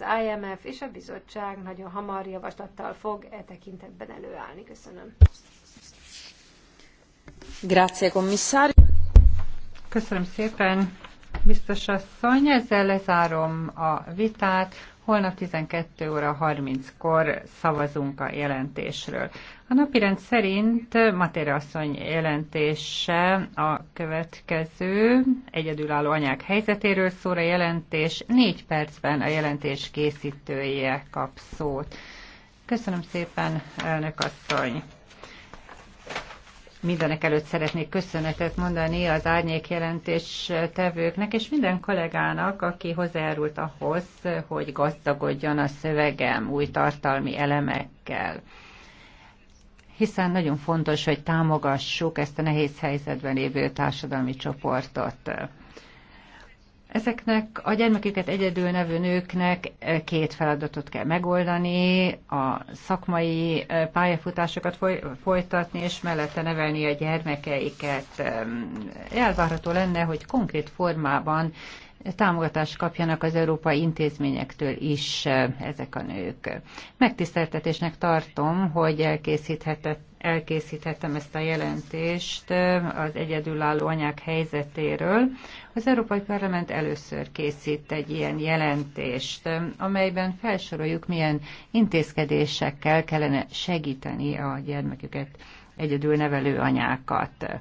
az IMF és a bizottság nagyon hamar javaslattal fog e tekintetben előállni. Köszönöm. Grazie, commissario. Köszönöm szépen, biztos asszony. Ezzel lezárom a vitát. Holnap 12 óra 30-kor szavazunk a jelentésről. A napirend szerint Matéra asszony jelentése a következő egyedülálló anyák helyzetéről szól a jelentés. Négy percben a jelentés készítője kap szót. Köszönöm szépen, elnök asszony! Mindenek előtt szeretnék köszönetet mondani az árnyék jelentés tevőknek, és minden kollégának, aki hozzájárult ahhoz, hogy gazdagodjon a szövegem új tartalmi elemekkel hiszen nagyon fontos, hogy támogassuk ezt a nehéz helyzetben lévő társadalmi csoportot. Ezeknek a gyermeküket egyedül nevő nőknek eh, két feladatot kell megoldani, a szakmai eh, pályafutásokat folytatni, és mellette nevelni a gyermekeiket. Elvárható lenne, hogy konkrét formában támogatást kapjanak az európai intézményektől is ezek a nők. Megtiszteltetésnek tartom, hogy elkészíthetett elkészíthettem ezt a jelentést az egyedülálló anyák helyzetéről. Az Európai Parlament először készít egy ilyen jelentést, amelyben felsoroljuk, milyen intézkedésekkel kellene segíteni a gyermeküket egyedül nevelő anyákat.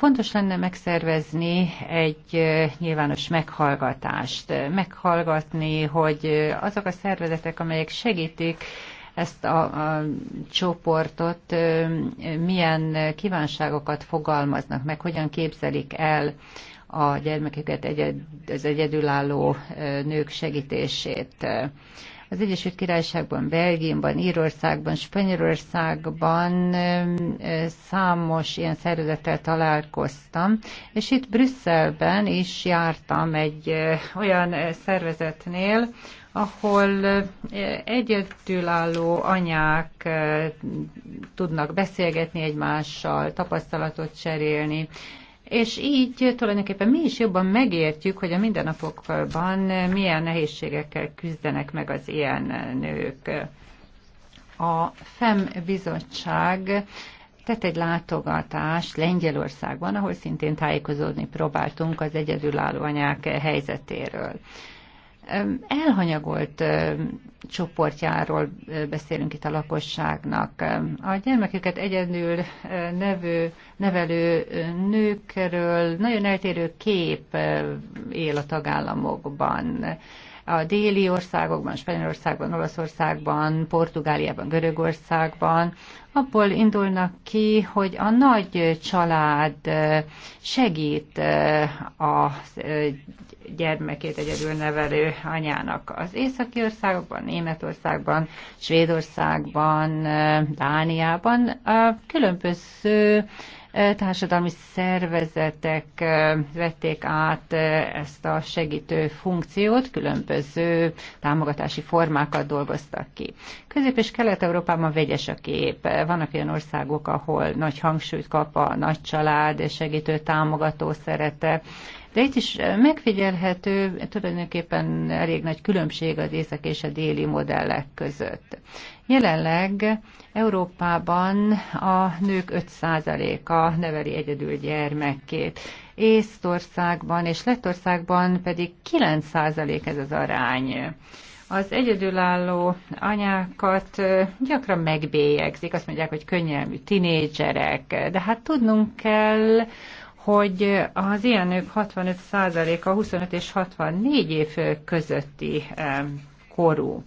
Fontos lenne megszervezni egy nyilvános meghallgatást, meghallgatni, hogy azok a szervezetek, amelyek segítik ezt a, a csoportot, milyen kívánságokat fogalmaznak meg, hogyan képzelik el a gyermekeket egyed, az egyedülálló nők segítését. Az Egyesült Királyságban, Belgiumban, Írországban, Spanyolországban számos ilyen szervezettel találkoztam, és itt Brüsszelben is jártam egy olyan szervezetnél, ahol egyedülálló anyák tudnak beszélgetni egymással, tapasztalatot cserélni, és így tulajdonképpen mi is jobban megértjük, hogy a mindennapokban milyen nehézségekkel küzdenek meg az ilyen nők. A FEM bizottság tett egy látogatást Lengyelországban, ahol szintén tájékozódni próbáltunk az egyedülálló anyák helyzetéről elhanyagolt csoportjáról beszélünk itt a lakosságnak. A gyermeküket egyedül nevő, nevelő nőkről nagyon eltérő kép él a tagállamokban a déli országokban, Spanyolországban, Olaszországban, Portugáliában, Görögországban, abból indulnak ki, hogy a nagy család segít a gyermekét egyedül nevelő anyának az északi országokban, Németországban, Svédországban, Dániában. A különböző társadalmi szervezetek vették át ezt a segítő funkciót, különböző támogatási formákat dolgoztak ki. Közép- és Kelet-Európában vegyes a kép. Vannak olyan országok, ahol nagy hangsúlyt kap a nagy család, segítő támogató szerete, de itt is megfigyelhető tulajdonképpen elég nagy különbség az észak és a déli modellek között. Jelenleg Európában a nők 5%-a neveli egyedül gyermekkét. Észtországban és Lettországban pedig 9% ez az arány. Az egyedülálló anyákat gyakran megbélyegzik, azt mondják, hogy könnyelmű tinédzserek, de hát tudnunk kell, hogy az ilyen nők 65%-a 25 és 64 év közötti eh, korú.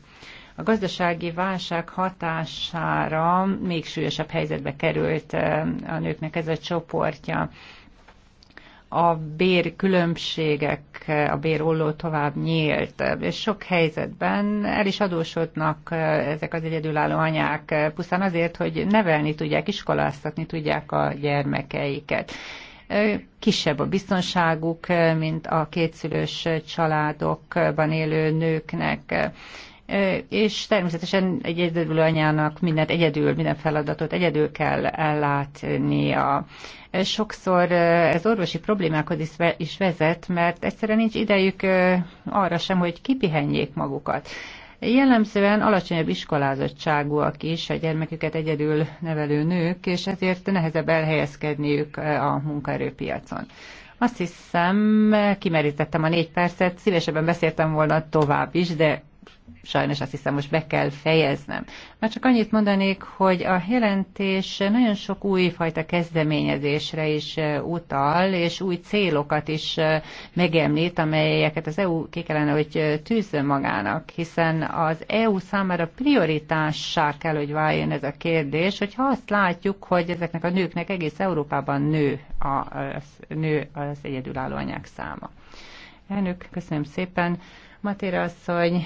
A gazdasági válság hatására még súlyosabb helyzetbe került a nőknek ez a csoportja a bérkülönbségek, a bérolló tovább nyílt, és sok helyzetben el is adósodnak ezek az egyedülálló anyák, pusztán azért, hogy nevelni tudják, iskoláztatni tudják a gyermekeiket. Kisebb a biztonságuk, mint a kétszülős családokban élő nőknek és természetesen egy egyedül anyának mindent egyedül, minden feladatot egyedül kell ellátnia. Sokszor ez orvosi problémákhoz is vezet, mert egyszerűen nincs idejük arra sem, hogy kipihenjék magukat. Jellemzően alacsonyabb iskolázottságúak is a gyermeküket egyedül nevelő nők, és ezért nehezebb elhelyezkedniük a munkaerőpiacon. Azt hiszem, kimerítettem a négy percet, szívesebben beszéltem volna tovább is, de sajnos azt hiszem most be kell fejeznem. Már csak annyit mondanék, hogy a jelentés nagyon sok újfajta kezdeményezésre is utal, és új célokat is megemlít, amelyeket az EU ki kellene, hogy tűzzön magának, hiszen az EU számára prioritássá kell, hogy váljon ez a kérdés, hogyha azt látjuk, hogy ezeknek a nőknek egész Európában nő, a, az, nő az egyedülálló anyák száma. Elnök, köszönöm szépen. Matéra asszony,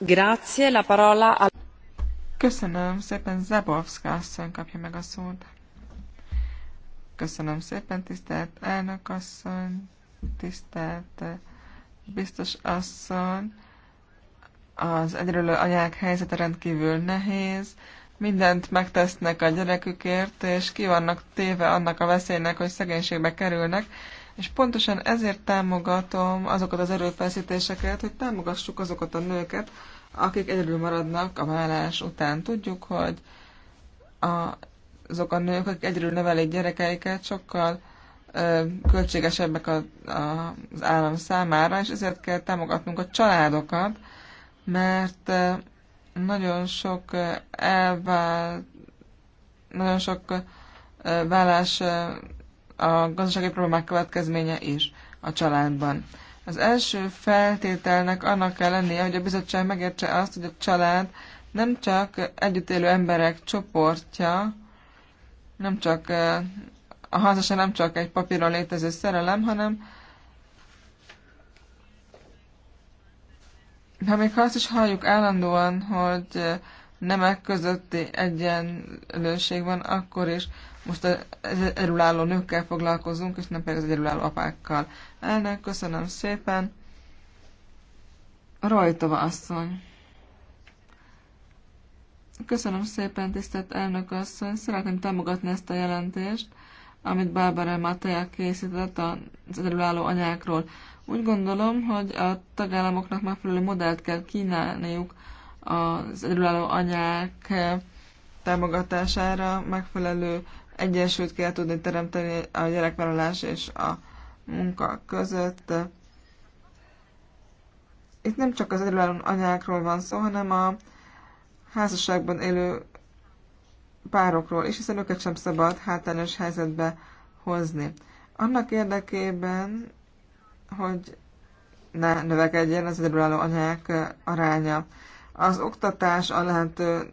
Grazie, la Köszönöm szépen, Zabovska asszony kapja meg a szót. Köszönöm szépen, tisztelt elnök asszony, tisztelt eh, biztos asszony. Az egyrőlő anyák helyzete rendkívül nehéz, mindent megtesznek a gyerekükért, és ki vannak téve annak a veszélynek, hogy szegénységbe kerülnek, és pontosan ezért támogatom azokat az erőfeszítéseket, hogy támogassuk azokat a nőket, akik egyedül maradnak a vállás után. Tudjuk, hogy a, azok a nők, akik egyedül nevelik gyerekeiket, sokkal ö, költségesebbek a, a, az állam számára, és ezért kell támogatnunk a családokat, mert ö, nagyon sok elvált, nagyon sok ö, vállás ö, a gazdasági problémák következménye is a családban. Az első feltételnek annak kell lennie, hogy a bizottság megértse azt, hogy a család nem csak együttélő emberek csoportja, nem csak a házasság nem csak egy papíron létező szerelem, hanem ha még azt is halljuk állandóan, hogy nemek közötti egyenlőség van, akkor is most az erőálló nőkkel foglalkozunk, és nem pedig az erőálló apákkal. Elnök, köszönöm szépen. Rajtova asszony. Köszönöm szépen, tisztelt elnök asszony. Szeretném támogatni ezt a jelentést, amit Barbara Matea készített az erőálló anyákról. Úgy gondolom, hogy a tagállamoknak megfelelő modellt kell kínálniuk az egyedülálló anyák támogatására megfelelő egyensúlyt kell tudni teremteni a gyerekvállalás és a munka között. Itt nem csak az egyedülálló anyákról van szó, hanem a házasságban élő párokról is, hiszen őket sem szabad hátrányos helyzetbe hozni. Annak érdekében, hogy ne növekedjen az egyedülálló anyák aránya. Az oktatás a lehető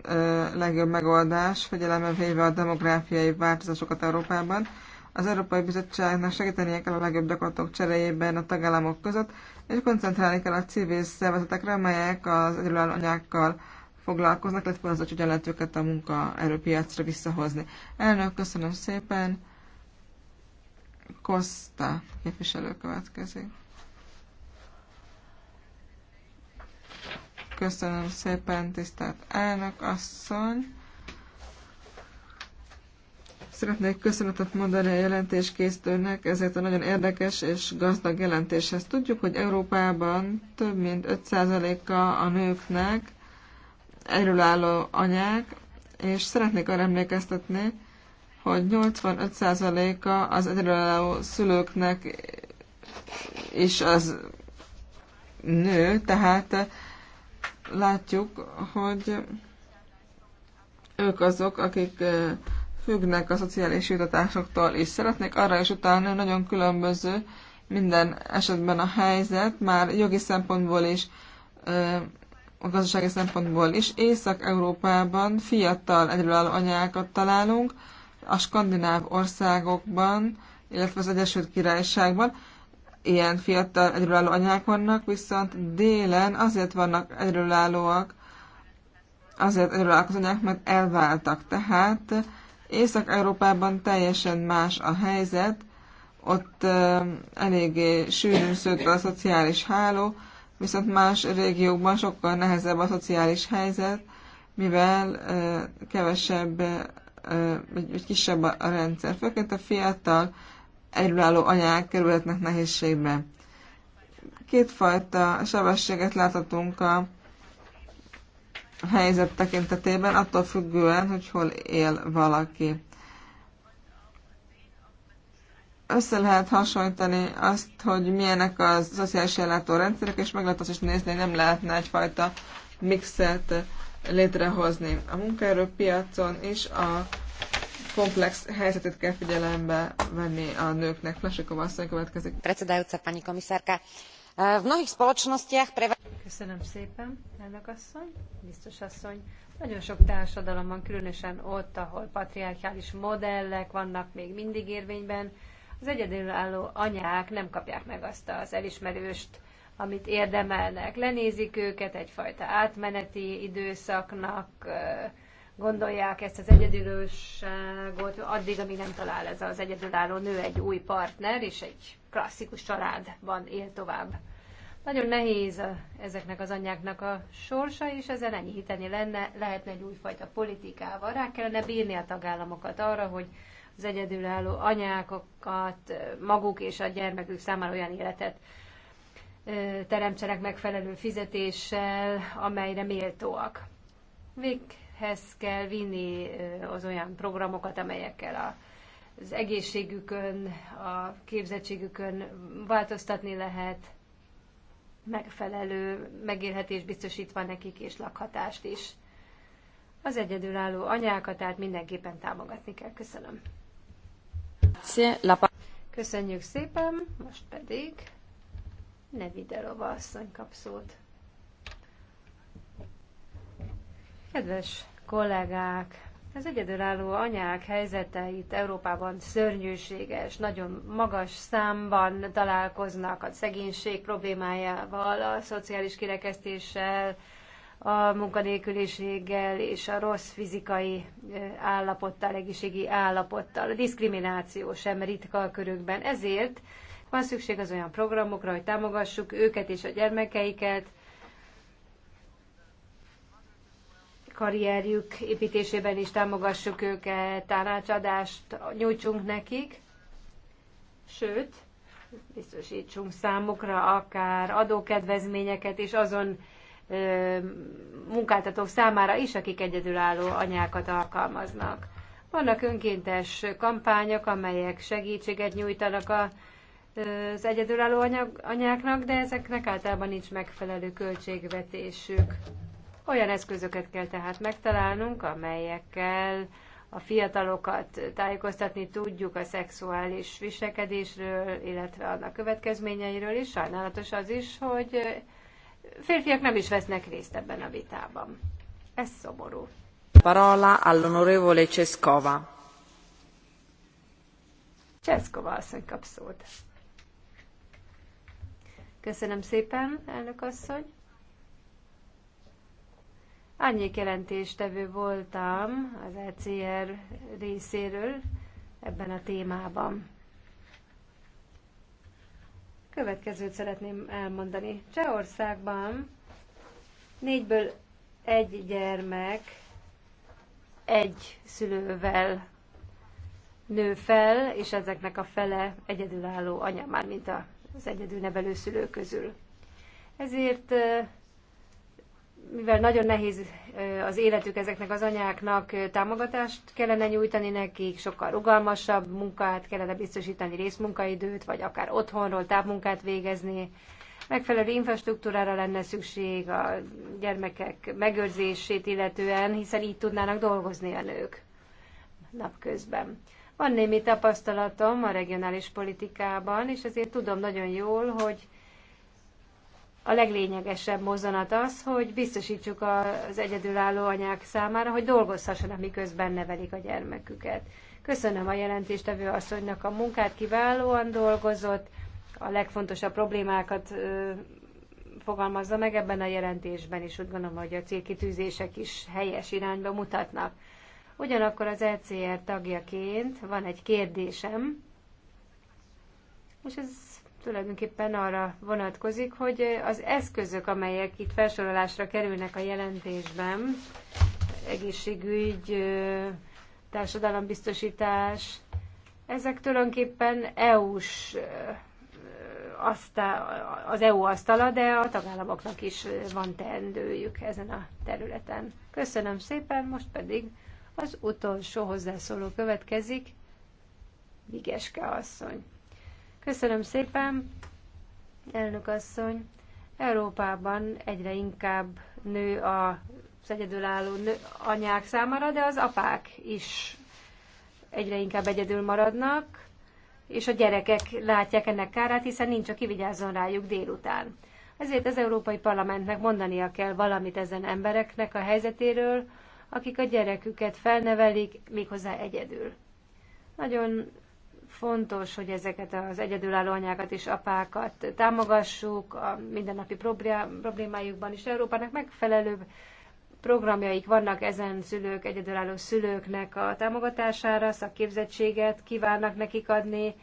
legjobb megoldás, figyelembe véve a demográfiai változásokat Európában. Az Európai Bizottságnak segítenie kell a legjobb gyakorlatok cseréjében a tagállamok között, és koncentrálni kell a civil szervezetekre, amelyek az egyedülálló anyákkal foglalkoznak, illetve az, hogy hogyan lehet őket a munkaerőpiacra visszahozni. Elnök, köszönöm szépen. Costa képviselő következik. Köszönöm szépen, tisztelt elnök asszony. Szeretnék köszönetet mondani a jelentéskészítőnek ezért a nagyon érdekes és gazdag jelentéshez. Tudjuk, hogy Európában több mint 5%-a a nőknek erőlálló anyák, és szeretnék arra emlékeztetni, hogy 85%-a az erőlálló szülőknek és az nő, tehát látjuk, hogy ők azok, akik függnek a szociális jutatásoktól, és szeretnék arra is utalni, hogy nagyon különböző minden esetben a helyzet, már jogi szempontból is, a gazdasági szempontból is. Észak-Európában fiatal egyedülálló anyákat találunk, a skandináv országokban, illetve az Egyesült Királyságban, ilyen fiatal egyedülálló anyák vannak, viszont délen azért vannak egyedülállóak, azért egyedülállók az anyák, mert elváltak. Tehát Észak-Európában teljesen más a helyzet, ott eléggé sűrűn szőtt a szociális háló, viszont más régiókban sokkal nehezebb a szociális helyzet, mivel kevesebb, vagy kisebb a rendszer. Főként a fiatal egyvállaló anyák kerülhetnek nehézségbe. Kétfajta sebességet láthatunk a helyzet tekintetében, attól függően, hogy hol él valaki. Össze lehet hasonlítani azt, hogy milyenek a szociális rendszerek, és meg lehet azt is nézni, hogy nem lehetne egyfajta mixet létrehozni. A munkaerőpiacon is a komplex helyzetet kell figyelembe venni a nőknek. Flasikova asszony következik. Predsedajúca, pani komisárka. E, v mnohých spoločnostiach preva... Köszönöm szépen, elnök asszony, biztos asszony. Nagyon sok társadalomban, különösen ott, ahol patriarchális modellek vannak még mindig érvényben, az egyedülálló anyák nem kapják meg azt az elismerőst, amit érdemelnek. Lenézik őket egyfajta átmeneti időszaknak, e, gondolják ezt az egyedülőságot addig, amíg nem talál ez az egyedülálló nő egy új partner, és egy klasszikus családban él tovább. Nagyon nehéz ezeknek az anyáknak a sorsa, és ennyi hiteni lenne, lehetne egy újfajta politikával. Rá kellene bírni a tagállamokat arra, hogy az egyedülálló anyákokat maguk és a gyermekük számára olyan életet teremtsenek megfelelő fizetéssel, amelyre méltóak. Vég hez kell vinni az olyan programokat, amelyekkel az egészségükön, a képzettségükön változtatni lehet, megfelelő megélhetés biztosítva nekik és lakhatást is. Az egyedülálló anyákat tehát mindenképpen támogatni kell. Köszönöm. Köszönjük szépen, most pedig Nevidelova asszony kap szót. Kedves kollégák, az egyedülálló anyák helyzete itt Európában szörnyűséges, nagyon magas számban találkoznak a szegénység problémájával, a szociális kirekesztéssel, a munkanélküliséggel és a rossz fizikai állapottal, egészségi állapottal. A diszkrimináció sem ritka a körükben. Ezért van szükség az olyan programokra, hogy támogassuk őket és a gyermekeiket, karrierjük építésében is támogassuk őket, tanácsadást nyújtsunk nekik, sőt, biztosítsunk számukra akár adókedvezményeket és azon ö, munkáltatók számára is, akik egyedülálló anyákat alkalmaznak. Vannak önkéntes kampányok, amelyek segítséget nyújtanak a, az egyedülálló anyáknak, de ezeknek általában nincs megfelelő költségvetésük. Olyan eszközöket kell tehát megtalálnunk, amelyekkel a fiatalokat tájékoztatni tudjuk a szexuális viselkedésről, illetve annak következményeiről is. Sajnálatos az is, hogy férfiak nem is vesznek részt ebben a vitában. Ez szomorú. Parola all'onorevole Cescova. Cescova asszony kap szót. Köszönöm szépen, elnök asszony. Árnyék jelentéstevő voltam az ECR részéről ebben a témában. Következőt szeretném elmondani. Csehországban négyből egy gyermek egy szülővel nő fel, és ezeknek a fele egyedülálló anya, már mint az egyedül nevelő szülő közül. Ezért mivel nagyon nehéz az életük ezeknek az anyáknak, támogatást kellene nyújtani nekik, sokkal rugalmasabb munkát kellene biztosítani, részmunkaidőt, vagy akár otthonról távmunkát végezni. Megfelelő infrastruktúrára lenne szükség a gyermekek megőrzését illetően, hiszen így tudnának dolgozni a nők napközben. Van némi tapasztalatom a regionális politikában, és ezért tudom nagyon jól, hogy a leglényegesebb mozzanat az, hogy biztosítsuk az egyedülálló anyák számára, hogy dolgozhassanak, miközben nevelik a gyermeküket. Köszönöm a jelentéstevő asszonynak a munkát, kiválóan dolgozott, a legfontosabb problémákat ö, fogalmazza meg ebben a jelentésben, és úgy gondolom, hogy a célkitűzések is helyes irányba mutatnak. Ugyanakkor az ECR tagjaként van egy kérdésem, és ez tulajdonképpen arra vonatkozik, hogy az eszközök, amelyek itt felsorolásra kerülnek a jelentésben, egészségügy, társadalombiztosítás, ezek tulajdonképpen EU-s az EU asztala, de a tagállamoknak is van teendőjük ezen a területen. Köszönöm szépen, most pedig az utolsó hozzászóló következik, Vigeske asszony. Köszönöm szépen, elnök asszony. Európában egyre inkább nő az egyedülálló nő, anyák számára, de az apák is egyre inkább egyedül maradnak, és a gyerekek látják ennek kárát, hiszen nincs, aki vigyázzon rájuk délután. Ezért az Európai Parlamentnek mondania kell valamit ezen embereknek a helyzetéről, akik a gyereküket felnevelik, méghozzá egyedül. Nagyon Fontos, hogy ezeket az egyedülálló anyákat és apákat támogassuk a mindennapi problémájukban is. Európának megfelelőbb programjaik vannak ezen szülők, egyedülálló szülőknek a támogatására, szakképzettséget kívánnak nekik adni,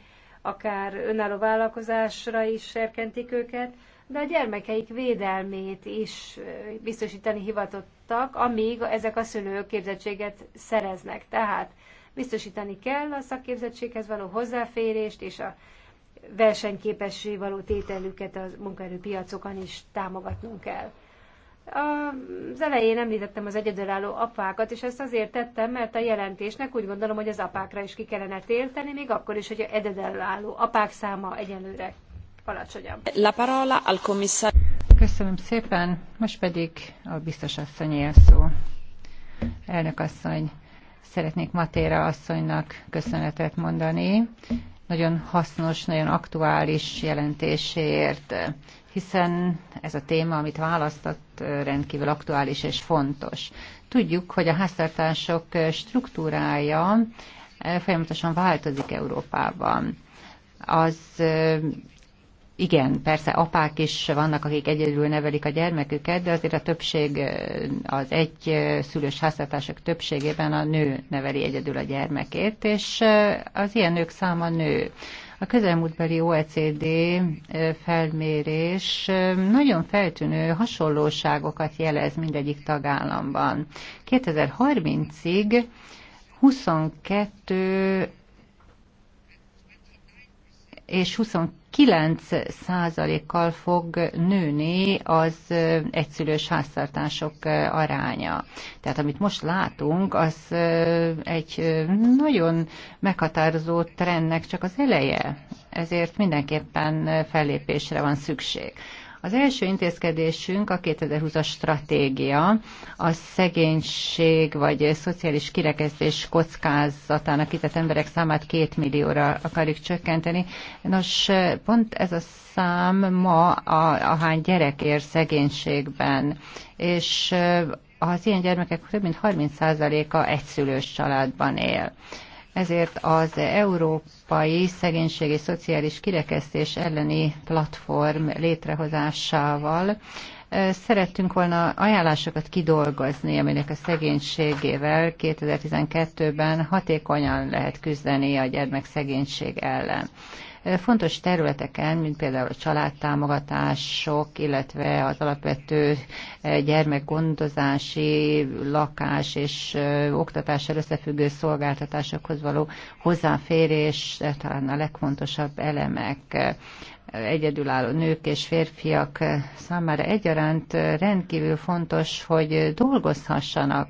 akár önálló vállalkozásra is serkentik őket, de a gyermekeik védelmét is biztosítani hivatottak, amíg ezek a szülők képzettséget szereznek. Tehát Biztosítani kell a szakképzettséghez való hozzáférést és a versenyképessé való tételüket a munkaerőpiacokon is támogatnunk kell. Az elején említettem az egyedülálló apákat, és ezt azért tettem, mert a jelentésnek úgy gondolom, hogy az apákra is ki kellene télteni, még akkor is, hogy a egyedülálló apák száma egyenlőre alacsonyabb. La parola al commissario. Köszönöm szépen, most pedig a biztos asszonyé szó. Elnök asszony, Szeretnék Matéra asszonynak köszönetet mondani. Nagyon hasznos, nagyon aktuális jelentéséért, hiszen ez a téma, amit választott, rendkívül aktuális és fontos. Tudjuk, hogy a háztartások struktúrája eh, folyamatosan változik Európában. Az eh, igen, persze apák is vannak, akik egyedül nevelik a gyermeküket, de azért a többség, az egy szülős háztartások többségében a nő neveli egyedül a gyermekét, és az ilyen nők száma nő. A közelmúltbeli OECD felmérés nagyon feltűnő hasonlóságokat jelez mindegyik tagállamban. 2030-ig 22 és 29 százalékkal fog nőni az egyszülős háztartások aránya. Tehát amit most látunk, az egy nagyon meghatározó trendnek csak az eleje, ezért mindenképpen fellépésre van szükség. Az első intézkedésünk a 2020-as stratégia, a szegénység vagy szociális kirekesztés kockázatának kitett emberek számát két millióra akarjuk csökkenteni. Nos, pont ez a szám ma a, ahány gyerek ér szegénységben, és az ilyen gyermekek több mint 30%-a egyszülős családban él ezért az Európai Szegénység és Szociális Kirekesztés elleni platform létrehozásával szerettünk volna ajánlásokat kidolgozni, aminek a szegénységével 2012-ben hatékonyan lehet küzdeni a gyermek szegénység ellen fontos területeken, mint például a családtámogatások, illetve az alapvető eh, gyermekgondozási, lakás és eh, oktatással összefüggő szolgáltatásokhoz való hozzáférés talán a legfontosabb elemek eh, egyedülálló nők és férfiak számára egyaránt rendkívül fontos, hogy dolgozhassanak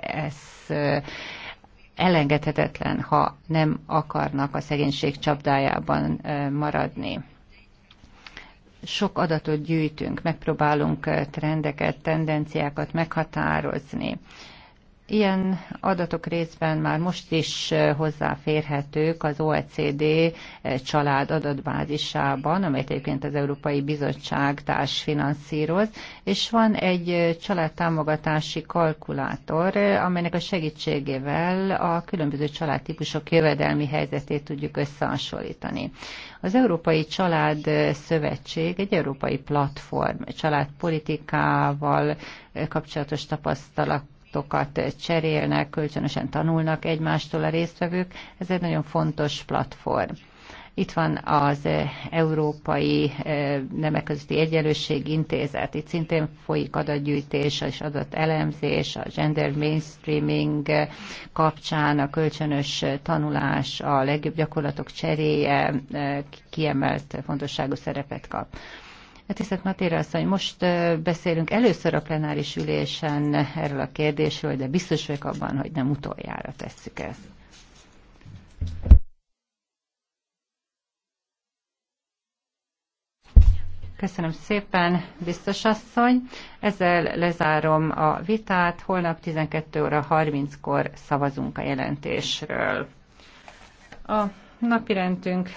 ezt elengedhetetlen, ha nem akarnak a szegénység csapdájában maradni. Sok adatot gyűjtünk, megpróbálunk trendeket, tendenciákat meghatározni Ilyen adatok részben már most is hozzáférhetők az OECD család adatbázisában, amelyet egyébként az Európai Bizottság társfinanszíroz, és van egy családtámogatási kalkulátor, amelynek a segítségével a különböző családtípusok jövedelmi helyzetét tudjuk összehasonlítani. Az Európai Család Szövetség egy európai platform családpolitikával kapcsolatos tapasztalat tapasztalatokat cserélnek, kölcsönösen tanulnak egymástól a résztvevők. Ez egy nagyon fontos platform. Itt van az Európai eh, Nemek Közötti Egyenlőség Intézet, itt szintén folyik adatgyűjtés és adatelemzés, a gender mainstreaming kapcsán a kölcsönös tanulás, a legjobb gyakorlatok cseréje eh, kiemelt fontosságú szerepet kap. Tisztelt hát Matéra asszony, most beszélünk először a plenáris ülésen erről a kérdésről, de biztos vagyok abban, hogy nem utoljára tesszük ezt. Köszönöm szépen, biztos asszony. Ezzel lezárom a vitát. Holnap 12 óra 30-kor szavazunk a jelentésről. A napirendünk